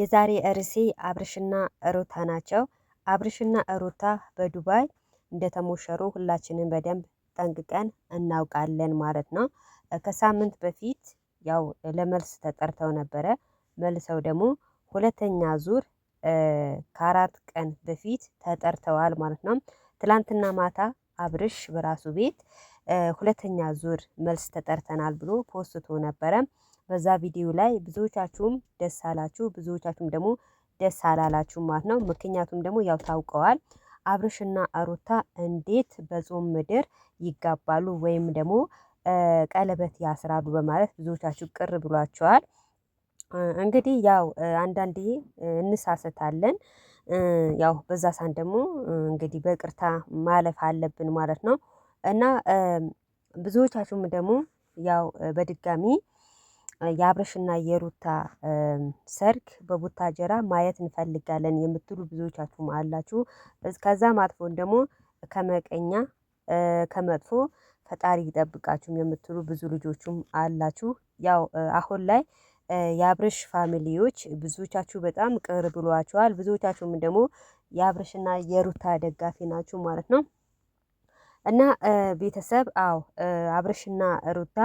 የዛሬ እርሴ አብርሽና ሩታ ናቸው። አብርሽና ሩታ በዱባይ እንደተሞሸሩ ሁላችንም በደንብ ጠንቅቀን እናውቃለን ማለት ነው። ከሳምንት በፊት ያው ለመልስ ተጠርተው ነበረ። መልሰው ደግሞ ሁለተኛ ዙር ከአራት ቀን በፊት ተጠርተዋል ማለት ነው። ትላንትና ማታ አብርሽ በራሱ ቤት ሁለተኛ ዙር መልስ ተጠርተናል ብሎ ፖስቶ ነበረ። በዛ ቪዲዮ ላይ ብዙዎቻችሁም ደስ አላችሁ፣ ብዙዎቻችሁም ደግሞ ደስ አላላችሁ ማለት ነው። ምክንያቱም ደግሞ ያው ታውቀዋል አብርሽና አሩታ እንዴት በጾም ምድር ይጋባሉ ወይም ደግሞ ቀለበት ያስራሉ በማለት ብዙዎቻችሁ ቅር ብሏቸዋል። እንግዲህ ያው አንዳንዴ እንሳሰታለን። ያው በዛ ሳን ደግሞ እንግዲህ በቅርታ ማለፍ አለብን ማለት ነው እና ብዙዎቻችሁም ደግሞ ያው በድጋሚ የአብርሽና የሩታ ሰርግ በቡታጀራ ማየት እንፈልጋለን የምትሉ ብዙዎቻችሁም አላችሁ። ከዛ ማጥፎን ደግሞ ከመቀኛ ከመጥፎ ፈጣሪ ይጠብቃችሁም የምትሉ ብዙ ልጆቹም አላችሁ። ያው አሁን ላይ የአብርሽ ፋሚሊዎች ብዙዎቻችሁ በጣም ቅር ብሏችኋል። ብዙዎቻችሁም ደግሞ የአብርሽና የሩታ ደጋፊ ናችሁ ማለት ነው። እና ቤተሰብ አዎ አብርሽና ሩታ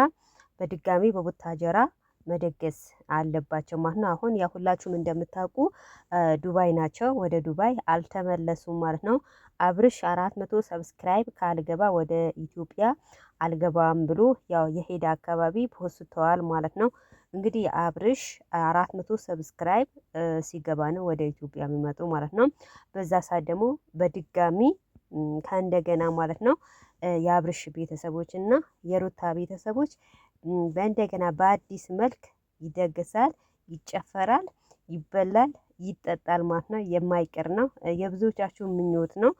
በድጋሚ በቡታጀራ መደገስ አለባቸው ማለት ነው። አሁን ያ ሁላችሁም እንደምታውቁ ዱባይ ናቸው። ወደ ዱባይ አልተመለሱም ማለት ነው። አብርሽ አራት መቶ ሰብስክራይብ ካልገባ ወደ ኢትዮጵያ አልገባም ብሎ ያው የሄደ አካባቢ ፖስተዋል ማለት ነው። እንግዲህ አብርሽ አራት መቶ ሰብስክራይብ ሲገባ ነው ወደ ኢትዮጵያ የሚመጡ ማለት ነው። በዛ ሰዓት ደግሞ በድጋሚ ከእንደገና ማለት ነው የአብርሽ ቤተሰቦች እና የሩታ ቤተሰቦች በእንደገና በአዲስ መልክ ይደግሳል፣ ይጨፈራል፣ ይበላል፣ ይጠጣል ማለት ነው። የማይቀር ነው። የብዙዎቻችሁ ምኞት ነው።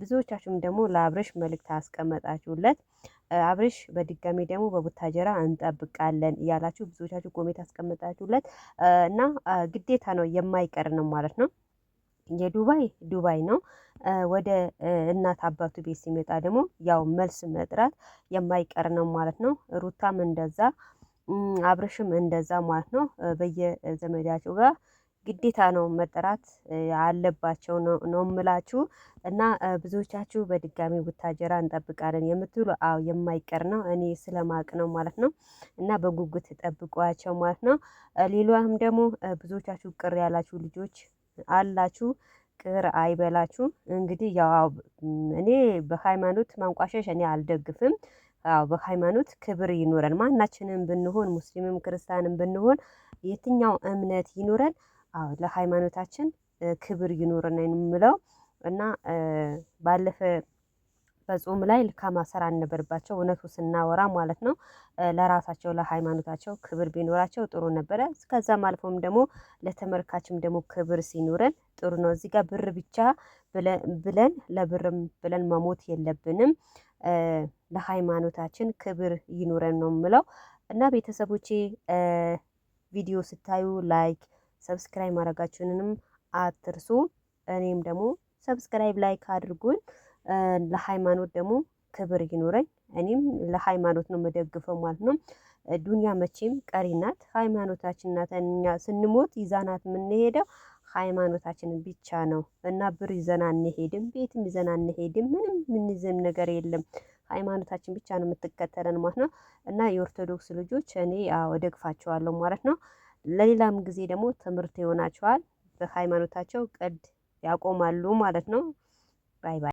ብዙዎቻችሁም ደግሞ ለአብርሽ መልእክት አስቀመጣችሁለት። አብርሽ በድጋሚ ደግሞ በቡታጀራ እንጠብቃለን እያላችሁ ብዙዎቻችሁ ኮሜንት አስቀመጣችሁለት እና ግዴታ ነው የማይቀር ነው ማለት ነው። የዱባይ ዱባይ ነው። ወደ እናት አባቱ ቤት ሲመጣ ደግሞ ያው መልስ መጥራት የማይቀር ነው ማለት ነው። ሩታም እንደዛ አብርሽም እንደዛ ማለት ነው። በየዘመዳቸው ጋር ግዴታ ነው መጠራት አለባቸው ነው ምላችሁ እና ብዙዎቻችሁ በድጋሚ ቡታጀራ እንጠብቃለን የምትሉ አዎ፣ የማይቀር ነው እኔ ስለማቅ ነው ማለት ነው። እና በጉጉት ጠብቋቸው ማለት ነው። ሌሏም ደግሞ ብዙዎቻችሁ ቅር ያላችሁ ልጆች አላችሁ። ፍቅር አይበላችሁም። እንግዲህ ያው እኔ በሃይማኖት ማንቋሸሽ እኔ አልደግፍም። ያው በሃይማኖት ክብር ይኖረን ማናችንም ብንሆን ሙስሊምም ክርስቲያንም ብንሆን የትኛው እምነት ይኖረን አዎ ለሃይማኖታችን ክብር ይኑረን የምለው እና ባለፈ በጾም ላይ ልካማ ስራ አንበርባቸው እውነቱ ስናወራ ማለት ነው። ለራሳቸው ለሃይማኖታቸው ክብር ቢኖራቸው ጥሩ ነበረ። ከዛም አልፎም ደግሞ ለተመልካችም ደግሞ ክብር ሲኖረን ጥሩ ነው። እዚህ ጋር ብር ብቻ ብለን ለብርም ብለን መሞት የለብንም። ለሃይማኖታችን ክብር ይኖረን ነው የምለው እና ቤተሰቦቼ ቪዲዮ ስታዩ ላይክ፣ ሰብስክራይብ ማድረጋችሁንም አትርሱ። እኔም ደግሞ ሰብስክራይብ ላይክ አድርጉን። ለሃይማኖት ደግሞ ክብር ይኖረኝ። እኔም ለሃይማኖት ነው መደግፈው ማለት ነው። ዱንያ መቼም ቀሪ ናት። ሃይማኖታችን ናት። እኛ ስንሞት ይዛናት የምንሄደው ሃይማኖታችንን ብቻ ነው እና ብር ይዘን አንሄድም፣ ቤትም ይዘን አንሄድም። ምንም ምንዝም ነገር የለም። ሃይማኖታችን ብቻ ነው የምትከተለን ማለት ነው እና የኦርቶዶክስ ልጆች እኔ እደግፋቸዋለሁ ማለት ነው። ለሌላም ጊዜ ደግሞ ትምህርት ይሆናቸዋል። በሃይማኖታቸው ቀድ ያቆማሉ ማለት ነው። ባይ ባይ።